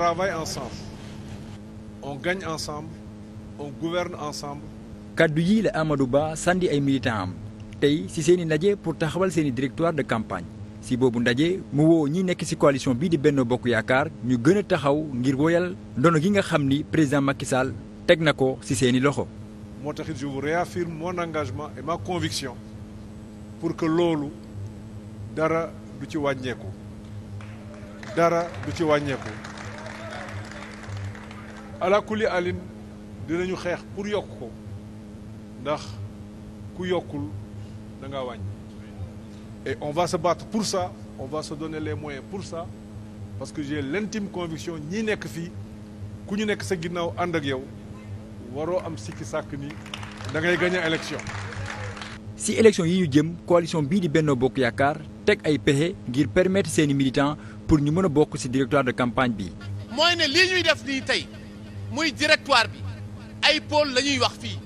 travaille ensemble on gagne ensemble on gouverne ensemble. kaddu yii la Amadou Ba sandi ay militants am tey ci seeni ndaje pour taxawal seeni directoire de campagne ci boobu ndaje mu woo ñi nekk ci coalition bii di benn Bokk Yaakaar ñu gën a taxaw ngir woyal ndono gi nga xam ni président Macky Sall teg na ko ci seeni loxo. moo taxit je vous réaffirme mon engagement et ma conviction pour que loolu dara du ci wàññeeku dara du ci wàññeeku. alakuli alin ñu xeex pour yokk ko ndax ku yokkul da ngaa wàññi et on va se battre pour ça on va se donner les moyens pour sa parce que j'ai l'intime conviction ñi nekk fii ku ñu nekk sa ginnaaw ànd ak yow waroo am sikki sàkk ni da ngay gagner élection si élection yi ñu jëm coalition bii di Benno Bokk Yaakaar teg ay pexe ngir permettre seeni militants pour ñu mën a bokk ci directoire de campagne bi mooy ne lii ñuy def nii tey muy directoire bi ay pôle la ñuy wax fii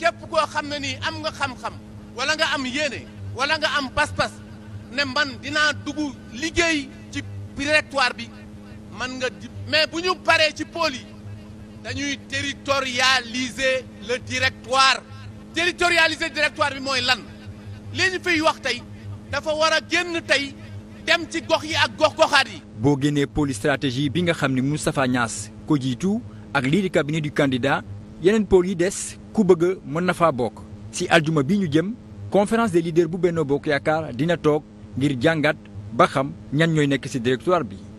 képp koo xam ne nii am nga xam-xam wala nga am yéene wala nga am pas-pas ne man dinaa dugg liggéey ci directoire bi man nga di mais bu ñu paree ci pôle yi dañuy territorialiser le directoire territorialiser directoire bi mooy lan li ñu fiy wax tey dafa war a génn tey dem ci gox yi ak gox goxaat yi. boo génnee pôle stratégie bi nga xam ni Moustapha Niass ko jiitu ak lii di cabinet du candidat yeneen pôle yi des ku bëgg mën na faa bokk. si aljuma bi ñu jëm conférence des leaders bu benn Bokk Yaakaar dina toog ngir jàngat ba xam ñan ñooy nekk si directoire bi.